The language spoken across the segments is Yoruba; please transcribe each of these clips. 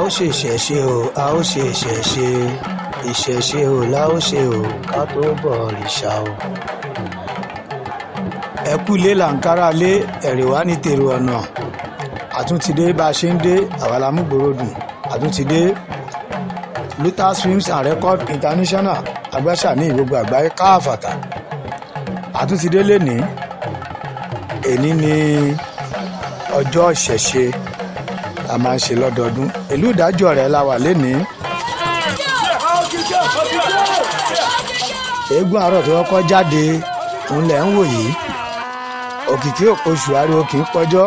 ó ṣe ìṣẹ̀ṣe o a ó ṣe ìṣẹ̀ṣe ìṣẹ̀ṣe o la ó ṣe o ká tó bọ̀ òrìṣà o. ẹ kú ilé làǹkárá lé ẹ̀rẹ̀ wá ní tèrò ọ̀nà àtúntìdé bá a ṣe ń dé àwàlámúgbòròdùn àtúntìdé Lutas Films and Record International agbáṣàmì gbogbo àgbáyé káàfàtà àtúntìdé lè ní èní ni ọjọ́ ìṣẹ̀ṣe a máa ń ṣe lọ́dọọdún ìlú ìdájọ́ rẹ̀ la wà lénìí. eégún àárọ̀ tó kọ́kọ́ jáde òun ń wò yìí òkìkí òpoṣù ariwo kì í pọ́jọ́.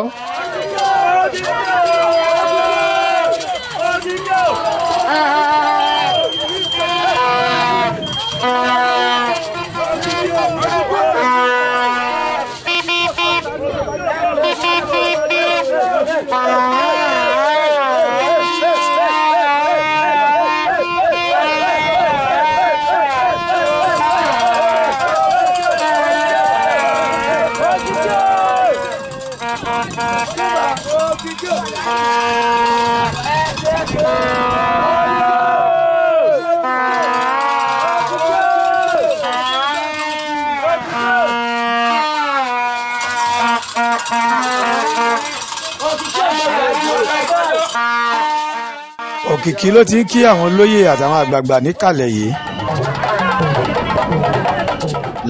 Òkìkí ló ti ń kí àwọn olóyè àtàwọn àgbààgbà níkàlẹ̀ yìí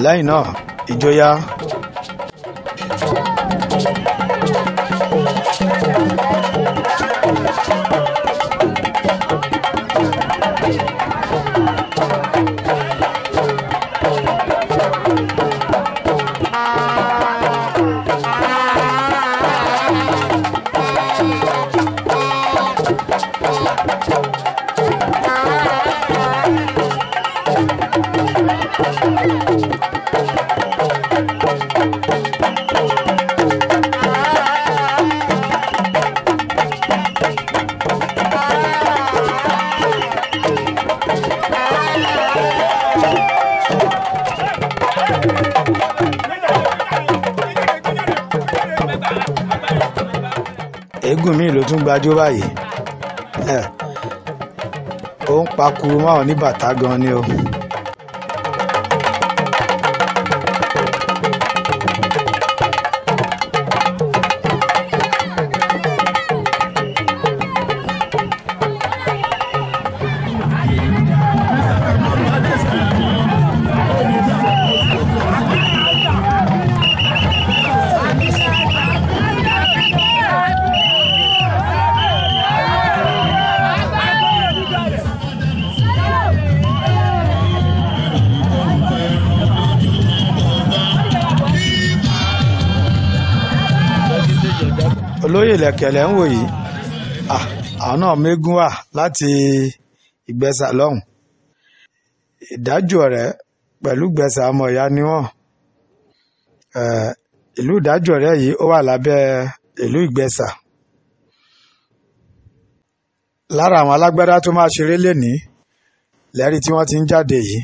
lẹ́yìn náà ìjọyà Thank you. gbajúgbajù báyìí ó ń pakuru mọ́ àwọn ní gan ni o. olóyè lẹ̀kẹ̀lẹ̀ ń wò yìí àwọn náà mégún wà láti ìgbẹ́sà lọ́hùn ìdájú ọ̀rẹ́ pẹ̀lú gbẹ̀sà ọmọ ìyá ni wọ́n ìlú ìdájú ọ̀rẹ́ yìí ó wà lábẹ́ ìlú ìgbẹ́sà lára àwọn alágbádá tó máa ṣeré lénìí lẹ́rìí tí wọ́n ti ń jáde yìí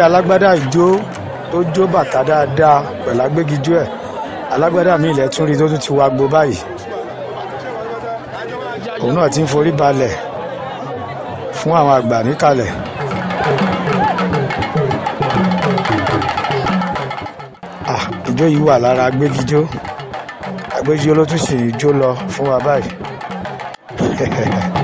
alágbádá ìjó tó jó bàtà dáadáa pẹ̀lú agbégijó ẹ̀ alágbádá mi ilẹ̀ tún rí tó tún ti wá gbó báyìí òun náà ti ń forí balẹ̀ fún àwọn àgbà níkàlẹ̀. ìjó yìí wà lára agbégijó agbégijó ló tún sì jó lọ fún wa báyìí.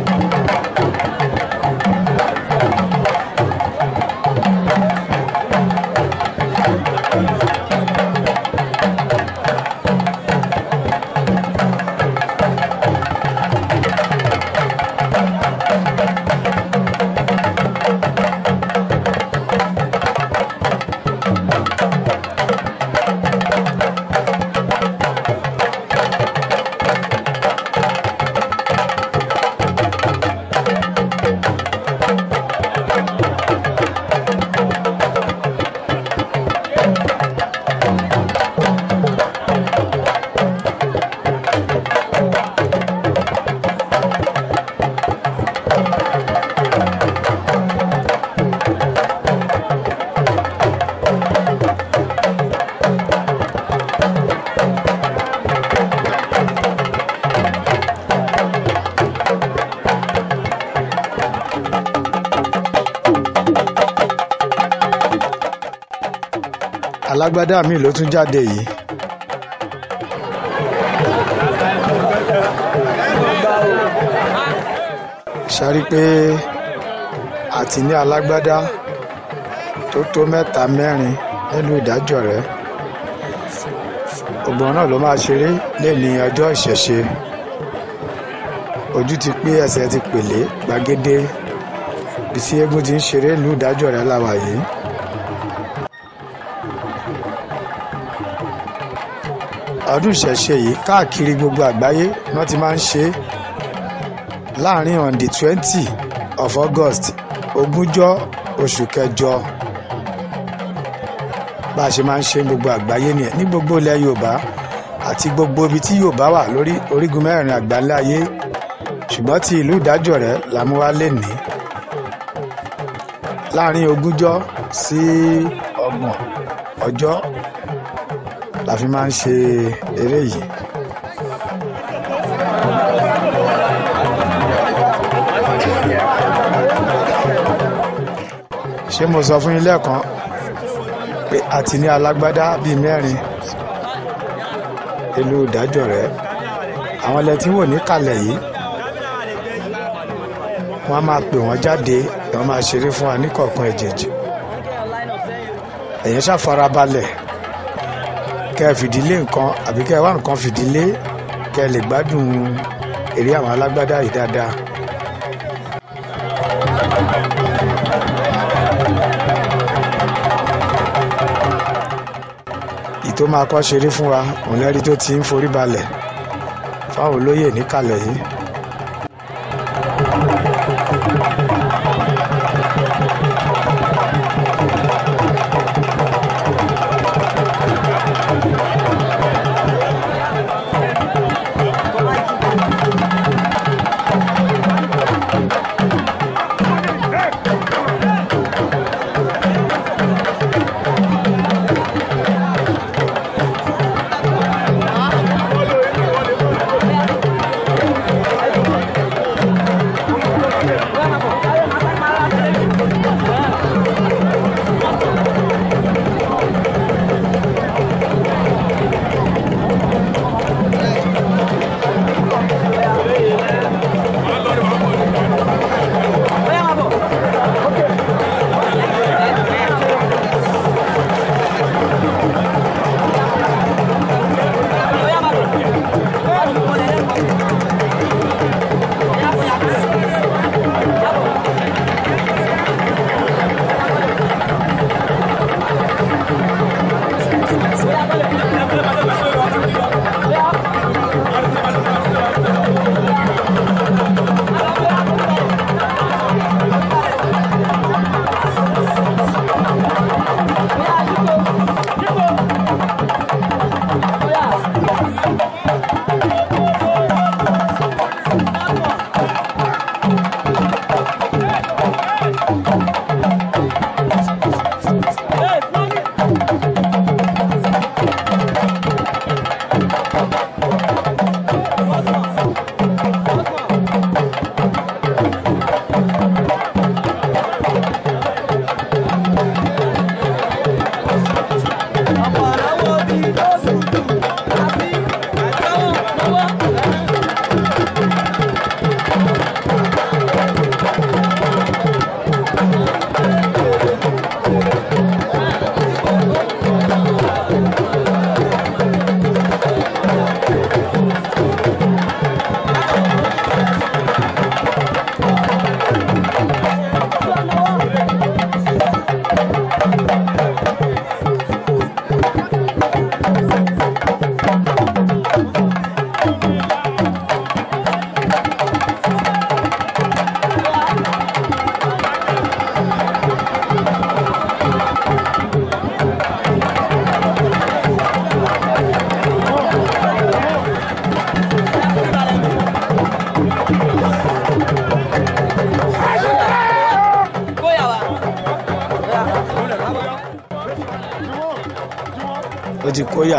alágbádá mi ló tún jáde yìí. sari pé àti ní alágbádá tó tó mẹ́ta mẹ́rin nílùú ìdájọ́ rẹ̀ ọgbọ̀n náà ló máa ṣeré lẹ́ni ọjọ́ ìṣẹ̀ṣe ojú ti pé ẹsẹ̀ ti pèlé gbàgede bí tí eégún ti ń ṣeré nílùú ìdájọ́ rẹ̀ láwa ọdún ìṣẹ̀ṣe yìí káàkiri gbogbo àgbáyé wọ́n ti máa ń ṣe é láàrin on the twenty of August ogúnjọ́ oṣù kẹjọ bá a ṣe máa ń ṣe gbogbo àgbáyé nìyẹn ní gbogbo ilẹ̀ Yorùbá àti gbogbo ibi tí Yorùbá wà lórí orígun mẹ́rin àgbáńlá ayé ṣùgbọ́n ti ìlú Ìdájọ̀rẹ́ la mú wá lénìí láàrin ogúnjọ́ sí ọgbọ̀n ọjọ́ la fi máa ń ṣe eré yìí. ṣé mo sọ fún ilé ẹ̀kan pé a ti ní alágbádá bíi mẹ́rin ìlú Ìdájọ̀rẹ́ àwọn ilẹ̀ tí wò ní kalẹ̀ yìí wọ́n á máa pè wọ́n jáde wọ́n máa ṣeré fún wa ní kọ̀ọ̀kan ẹ̀jẹ̀jẹ̀ ẹ̀yẹn ṣàfarabalẹ̀ kẹ́ ẹ fìdílé nǹkan àbí kẹ́ ẹ wá nǹkan fìdílé kẹ́ lè gbádùn eré àwọn alágbádá yìí dáadáa. ìtò máa kọ́ ṣeré fún wa òun lẹ́rí tó ti ń forí balẹ̀ fáwọn olóyè níkàlẹ̀ yìí.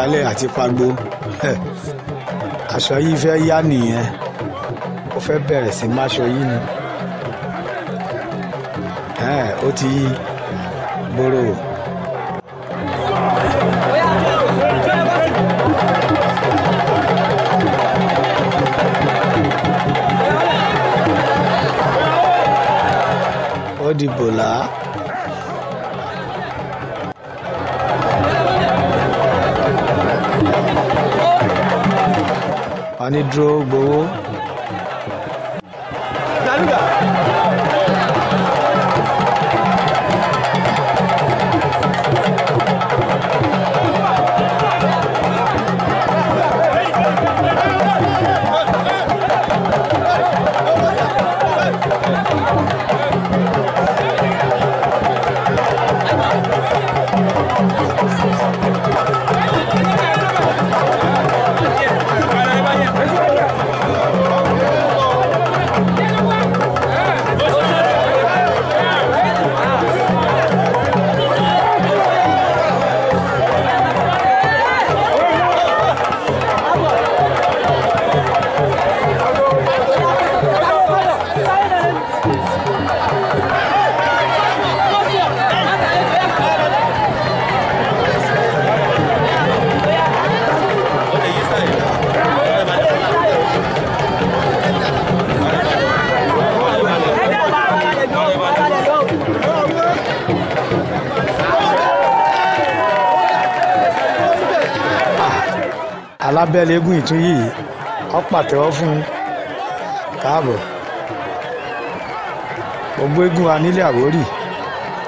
ìgbálẹ̀ àti pagbo aṣọ yìí fẹ́ yá nìyẹn ó fẹ́ bẹ̀rẹ̀ sí máṣọ yìí ni ó ti yí gbòòrò. ní dúró gbowó. alábẹ́lẹ́gùn ìtún yìí ọ pàtẹ́wọ́ fún un káàbọ̀ gbogbo eégún wa nílé Àwórì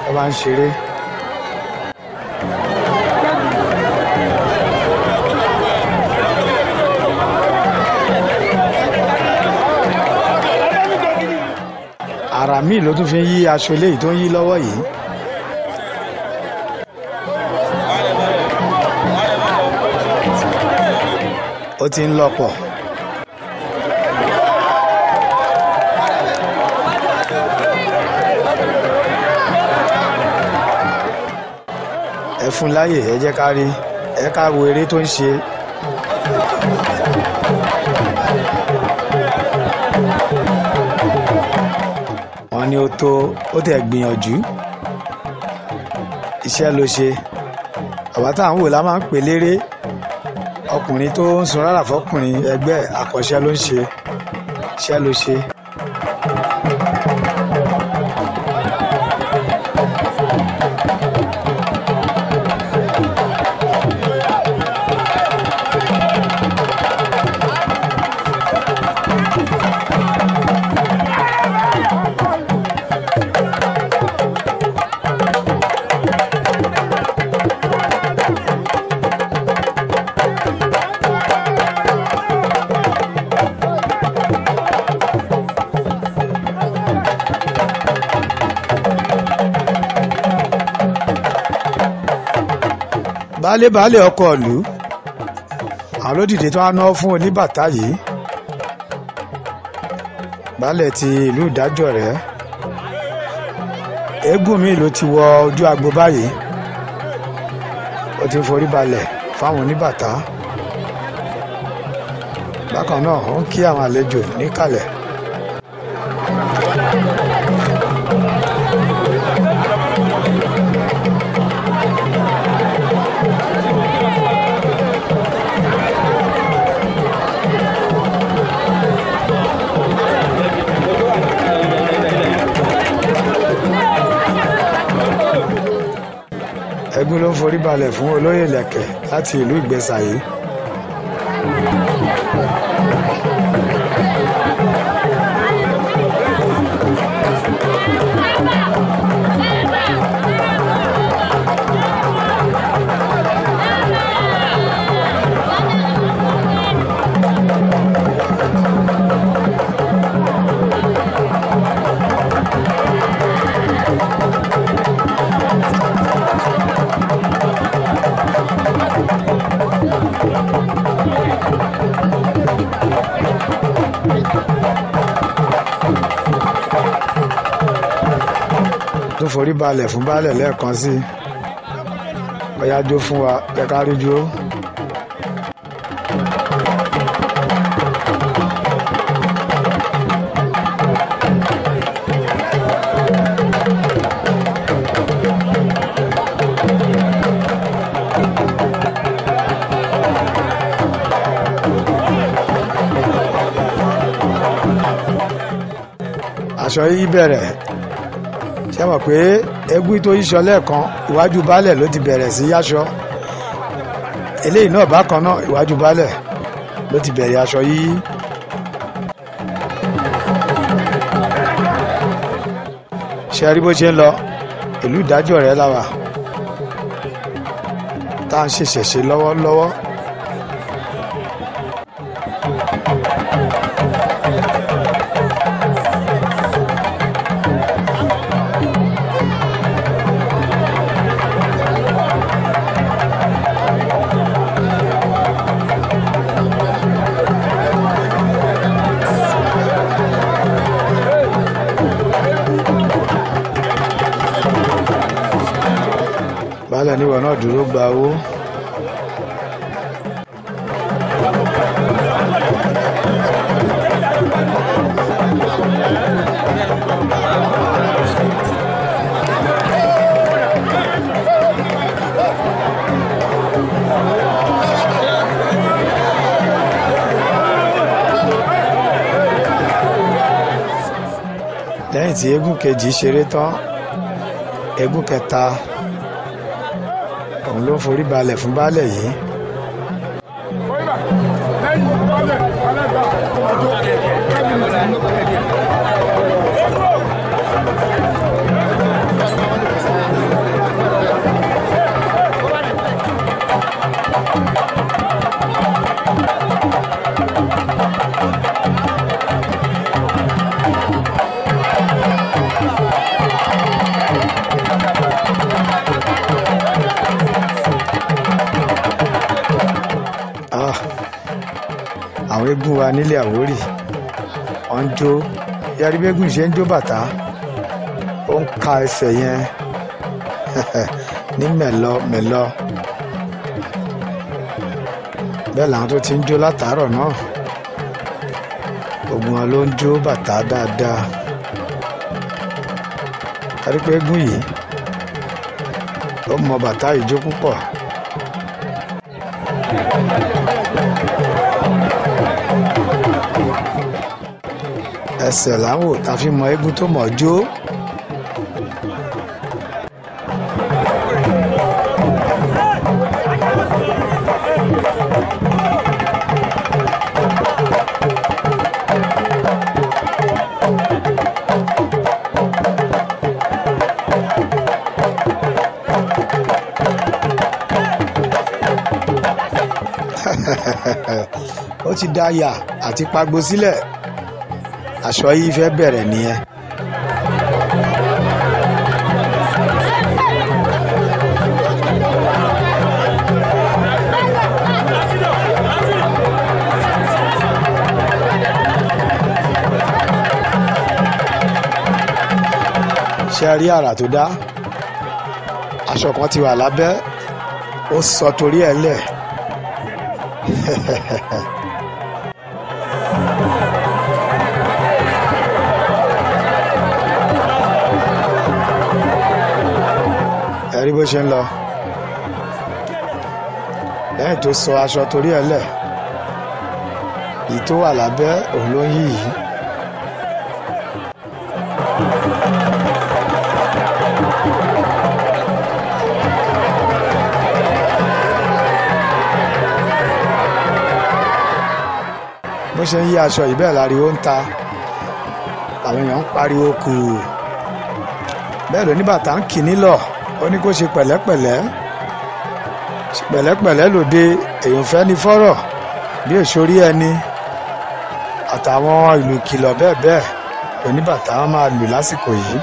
ẹ máa ń ṣeré. àrà míì ló tún fi ń yí aṣọ eléyìí tó ń yí lọ́wọ́ yìí. ti ń lọ́pọ̀. ẹ fún láyè ẹ jẹ́ ká rí ẹ ká wo eré tó ń ṣe. wọ́n ní ó tó ó tẹ̀ gbìyànjú iṣẹ́ ló ṣe àwa ń wò la máa ń pè léré ọkùnrin tó ń sun rárá fọkùnrin ẹgbẹ́ àkọ́ṣe ló ń ṣe ṣe ló ṣe. baálé baálé ọkọ ìlú àwọn ló dìde tó wá náwó fún oníbàtà yìí baálẹ̀ ti ìlú ìdájọ́ rẹ̀ eégún mi ló ti wọ ojú agbo báyìí ó ti forí balẹ̀ fáwọn oníbàtà bákan náà ó ń kí àwọn àlejò níkàlẹ̀ balẹ̀ fún olóyè Lẹ̀kẹ̀ láti ìlú Ìgbẹ́sàyé balẹ̀ fún balẹ̀ lẹ́ẹ̀kan sí ọ̀yá jó fún wa ẹ kárí jó. aṣọ yìí bẹ̀rẹ̀ ṣe mọ̀ pé egúí tó yíṣọ lẹ́ẹ̀kan ìwájú baálẹ̀ ló ti bẹ̀rẹ̀ sí yáṣọ eléyìí náà bákan náà ìwájú baálẹ̀ ló ti bẹ̀rẹ̀ aṣọ yíyí. ṣe rí bó ṣe ń lọ ìlú ìdájọ́ rẹ̀ láwà tá à ń ṣèṣẹ̀ṣe lọ́wọ́lọ́wọ́. wàhálà níwọ náà dúró gba owó. lẹ́yìn tí eégún kejì ṣeré tán eégún kẹta òun ló forí balẹ̀ fún baálẹ̀ yìí eégún wa nílé Àwórì wọ́n ń jó yàrá eégún ṣe ń jó bàtà ó ń ka ẹsẹ̀ yẹn ní mẹ̀lọ mẹ̀lọ bẹ́ẹ̀ làwọn tó ti ń jó látàárọ̀ náà gbogbo wọn ló ń jó bàtà dáadáa kárí pé eégún yìí ó mọ bàtà ìjó púpọ̀. ẹsẹ̀ láwò tá a fi mọ eégún tó mọ̀ jó. ó ti dayà àti pagbo sílẹ̀ aṣọ yìí fẹ́ bẹ̀rẹ̀ nìyẹn. ṣe rí àrà tó dá aṣọ kan ti wà lábẹ́ ó sọ torí ẹ̀ lẹ̀ ṣe ń lọ lẹ́yìn tó sọ aṣọ torí ẹ̀ lẹ̀ èyí tó wà lábẹ́ òun ló ń yí yìí. bó ṣe ń yí aṣọ yìí bẹ́ẹ̀ láriwo ń ta àwọn èèyàn ń pariwo kù bẹ́ẹ̀ ló ní bàtà ń kì nílọ̀ ó ní kó ṣe pẹ̀lẹ́pẹ̀lẹ́ pẹ̀lẹ́pẹ̀lẹ́ lòde èèyàn fẹ́ ní fọ́rọ̀ bí òṣòrí ẹni àtàwọn ìlú kìlọ̀ bẹ́ẹ̀ bẹ́ẹ̀ oníbàtà wọn máa lù lásìkò yìí.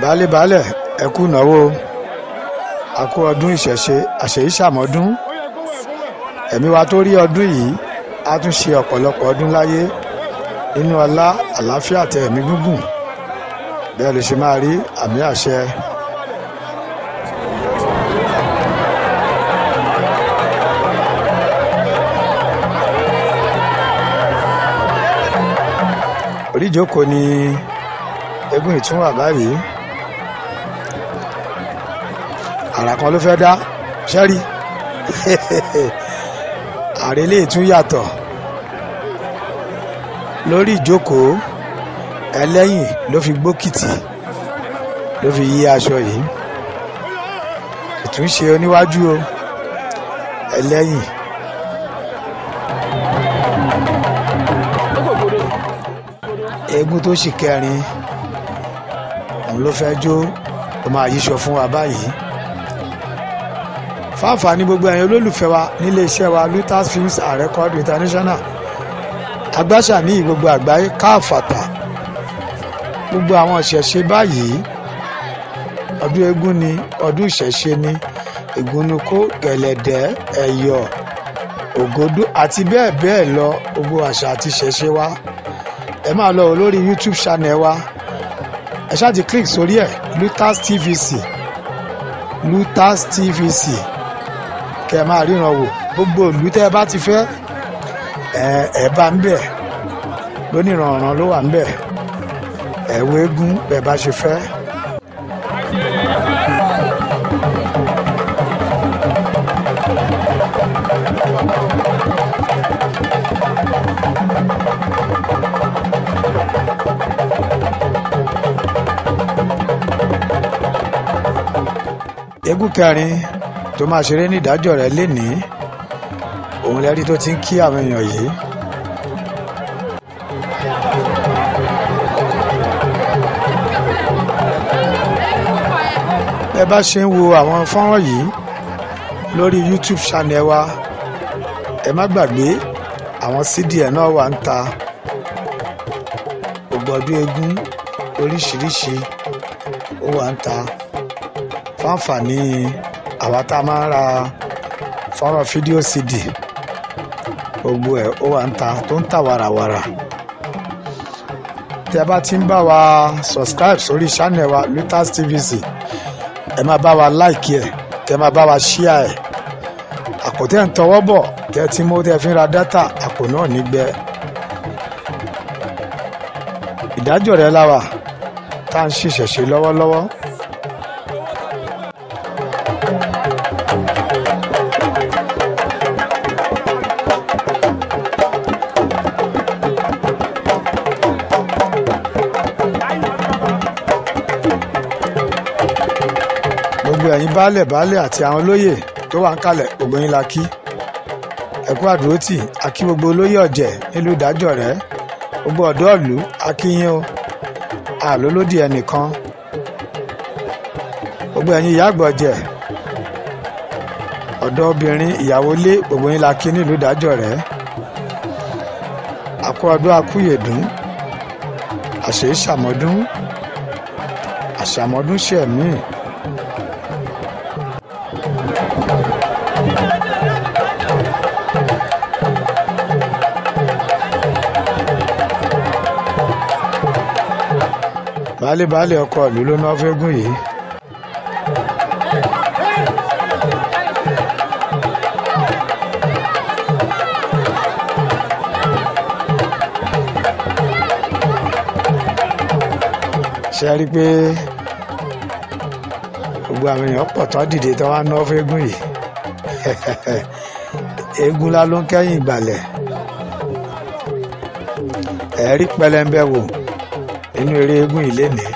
baálé-baálẹ̀ ẹ kú náwó àkó ọdún ìṣẹ̀ṣe àṣèyí ṣàmọ́dún ẹ̀mí wa tó rí ọdún yìí á tún ṣe ọ̀pọ̀lọpọ̀ ọdún láyé inú ọlá àlàáfíà àti ẹ̀mí gígùn bẹ́ẹ̀ lè ṣe máa rí àmì àṣẹ oríjókòó ni eégún ìtún wà báyìí àrà kan ló fẹ́ dá ṣẹ́rí àrélé ìtún yàtọ̀ lórí ìjókòó ẹlẹ́yìn ló fi gbókìtì ló fi yí aṣọ yìí ìtúnṣe oníwájú o ẹlẹ́yìn. eégún tó sì kẹrin òun ló fẹ́ jó ó máa yíṣọ fún wa báyìí fáfà ni gbogbo ẹ̀yin olólùfẹ́ wa nílé iṣẹ́ wa Lutas Films and Record International agbásàmì gbogbo àgbáyé káàfàtà gbogbo àwọn ìṣẹ̀ṣe báyìí ọdún eégún ni ọdún ìṣẹ̀ṣe ni ìgúnnukó gẹ̀lẹ̀dẹ́ ẹ̀yọ̀ ògodó àti bẹ́ẹ̀ bẹ́ẹ̀ lọ gbogbo àṣà àti ìṣẹ̀ṣe wa ẹ máa lọ lórí youtube channel wa ẹ ṣáà click sórí ẹ lutas tvc lutas tvc kẹ máa ríran wò gbogbo ìlú tẹ́ ẹ bá ti fẹ́ ẹ̀bá ń bẹ̀ ọ̀ràn ló wà ń bẹ̀ ẹ̀wọ̀ eégún bẹ́ẹ̀ ṣe fẹ́. eégún kẹrin tó máa ṣeré ní ìdájọ́ rẹ̀ lénìí òun lẹ́rí tó ti ń kí àwọn èèyàn yìí. ẹ bá ṣe ń wo àwọn fọ́nrán yìí lórí YouTube channel wa ẹ má gbàgbé àwọn cd ẹ̀ náà wà ń ta ògbọ́dún eégún oríṣiríṣi ó wà ń ta fáǹfààní àwa tá a máa ń ra fọ́nrán fídíò cd gbogbo ẹ̀ ó wà ń ta tó ń ta wàràwàrà tí ẹ bá ti ń bá wa subscribe sórí channel wa Lutas TVC ẹ máa bá wa like ẹ kẹ máa bá wa share ẹ àkótẹ́ ń tọwọ́ bọ̀ tẹ́ tí mo tẹ́ fi ra dátà àpò náà nígbẹ́ ìdájọ́ rẹ̀ láwà tá à ń ṣiṣẹ́ ṣe lọ́wọ́lọ́wọ́. ẹ̀yin baálẹ̀ baálẹ̀ àti àwọn olóyè tó wà ń kalẹ̀ gbogbo yín la kí ẹ kú àdúrótì akí gbogbo olóyè ọ̀jẹ̀ nílùú Ìdájọ̀rẹ́ gbogbo ọ̀dọ́ ìlú akíyín o àlólódì ẹnìkan gbogbo ẹ̀yin ìyá àgbọ̀jẹ̀ ọ̀dọ́ obìnrin ìyàwó lé gbogbo yín la kí nílùú Ìdájọ̀rẹ́ àkú ọdún akúyèdún àṣèṣàmọ́dún àṣàmọ́dún ṣẹ̀mí. baálẹ̀ baálẹ̀ ọkọ ìlú ló ná fẹ́gùn yìí. ṣe rí i pé gbogbo àwọn èèyàn pọ̀ tán dìde tán wá ná fẹ́gùn yìí eégún la ló ń kẹ́yìn ìgbàlẹ̀ ẹ̀rí pẹlẹmbẹ wò inú eré eégún yìí lénìí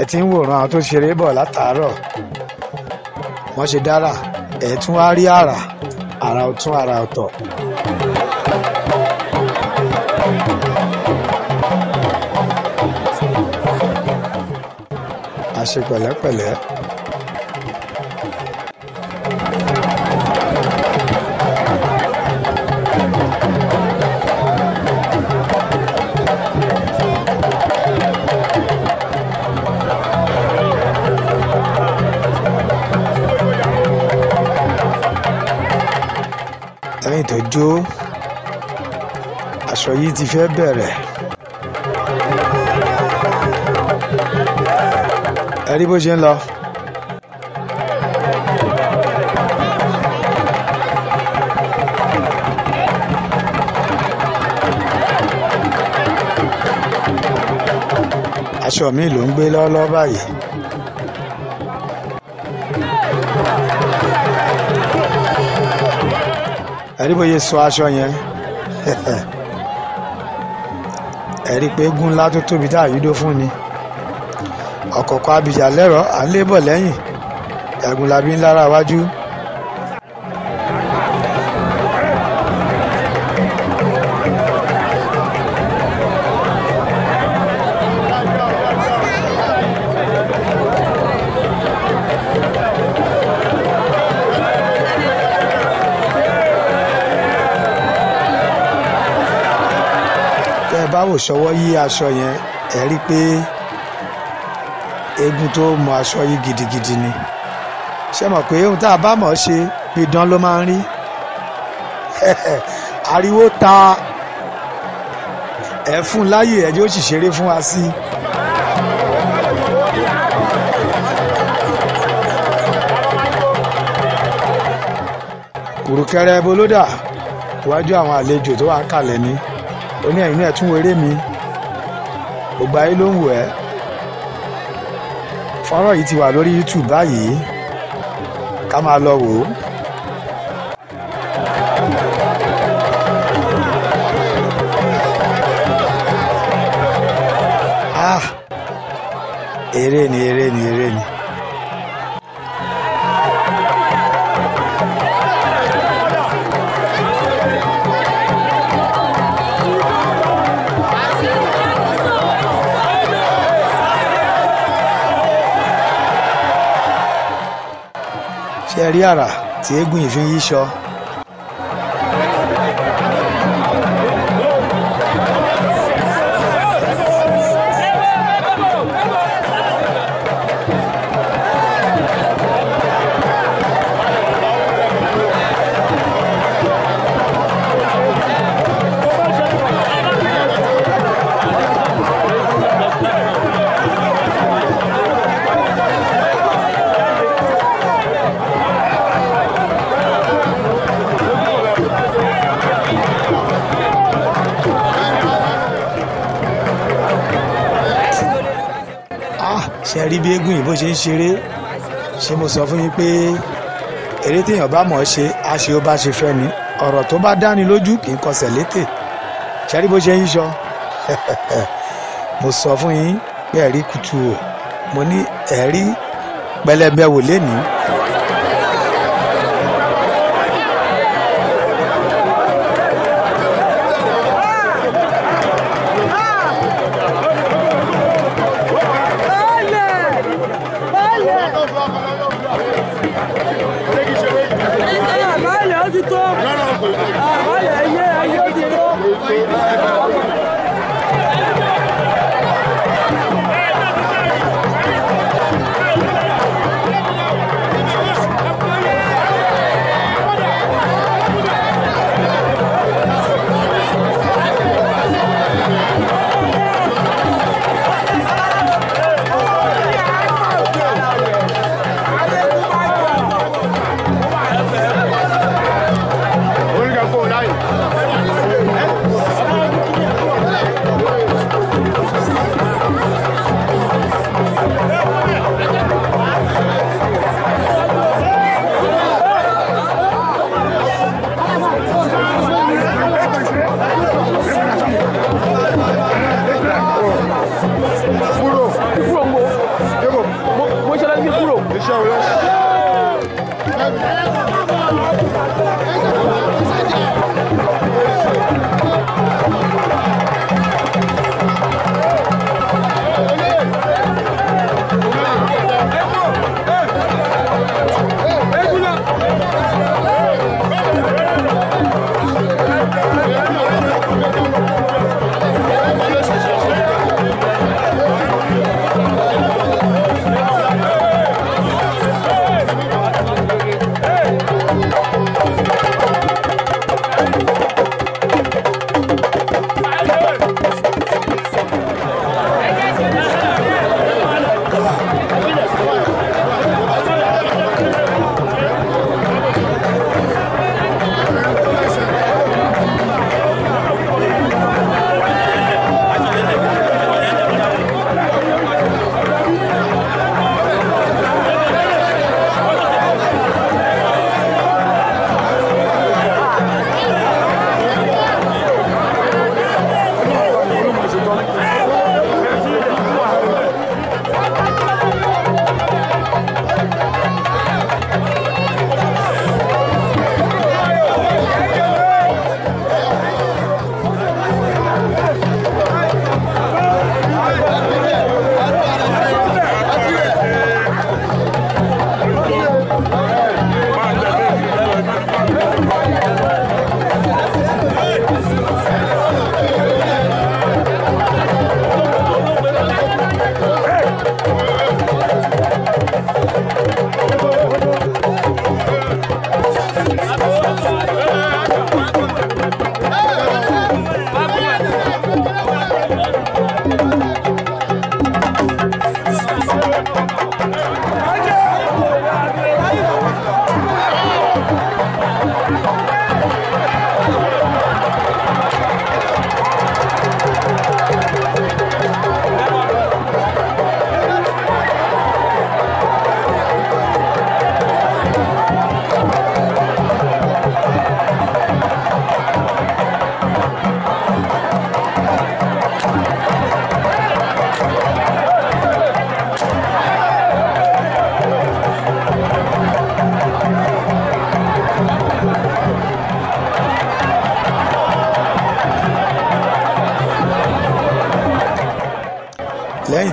ẹ ti ń wòran àwọn tó ṣeré bọ̀ látàárọ̀ wọ́n ṣe dára ẹ̀ tún wá rí àrà àrà ọ̀tún àrà ọ̀tọ̀. àṣepẹ̀lẹ́pẹ̀lẹ́. jó aṣọ yìí ti fẹ́ bẹ̀rẹ̀ ẹ rí bó ṣe ń lọ. aṣọ mi ló ń gbé lọ́wọ́lọ́wọ́ báyìí. ẹ̀rí bóyá sọ aṣọ yẹn ẹ̀rí pé gún ńlá tó tóbi tá àyúdó fún ni ọ̀kọ̀ọ̀kan abìjà lẹ́rọ̀ à ń lébọ̀ lẹ́yìn ńlára wájú. ò ṣọwọ́ yí aṣọ yẹn ẹ̀ rí i pé eegun tó mọ aṣọ yí gidigidi ni ṣé mọ̀ pé ohun tá a bá mọ̀ ṣe bidán ló máa ń rí ariwo ta ẹ fún láyè ẹ yóò sì ṣeré fún wa sí kùrùkẹrẹ bolódà iwájú àwọn àlejò tó wà ń kalẹ̀ oní ẹ̀yìn náà tún wéré mi gbogbo ayé ló ń wò ẹ́ fọ́nrán yìí ti wà lórí YouTube báyìí ká máa lọ wò ó. Ah! eré ni eré ni eré ni. 别了，结果一声一笑。rí bí eégún yìí bó ṣe ń ṣeré ṣé mo sọ fún yín pé eré téèyàn bá mọ̀ ọ́ ṣe á ó bá ṣe fẹ́ ni ọ̀rọ̀ tó bá dáni lójú kì í kọsẹ̀ létè ṣe bó ṣe ń yíṣọ mo sọ fún yín pé ẹ̀rí kutu o mo ní ẹ̀rí pẹlẹbẹ wò lénìí. 来来快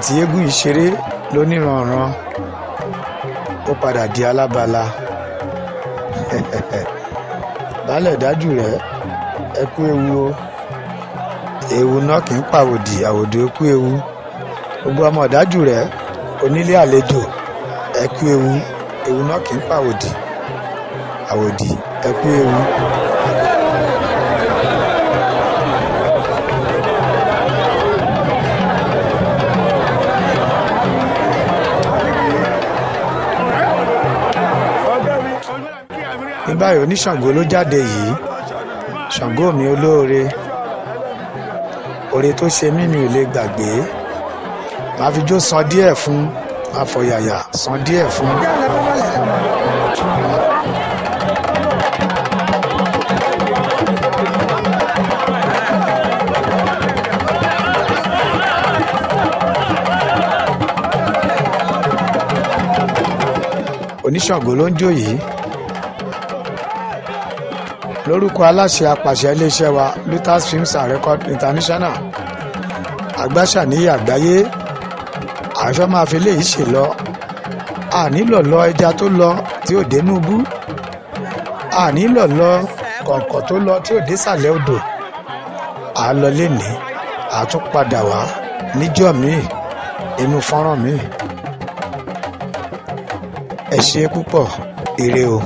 tí eégún yìí ṣeré lóníranran ó padà di alábala baálẹ̀ dájú rẹ̀ ẹ kú ewu o ewu náà kì í pàwòdì àwòdì ó kú ewu gbogbo ọmọ dájú rẹ̀ onílé àlejò ẹ kú ewu ewu náà kì í pàwòdì àwòdì ẹ ewu. Ọláìyá oníṣàngó ló jáde yìí ṣàngó mi olóore oore tó ṣe mí mi ò lè gbàgbé màá fi jó san díẹ̀ fún afọ̀yàyà san díẹ̀ fún. oníṣàngó ló ń jó yìí lórúkọ aláṣẹ apàṣẹ iléeṣẹ́ wa Lutas Films and Record International agbáṣàníyà àgbáyé àṣọ máa fi léyìí ṣe lọ ànílọ̀lọ́ ẹja tó lọ tí ò dénú bú ànílọ̀lọ́ kọ̀ǹkọ̀ tó lọ tí ò désàlẹ̀ odò à lọ lénìí à tún padà wá níjọ́ míì inú fọ́nrán míì ẹ ṣe púpọ̀ ire o.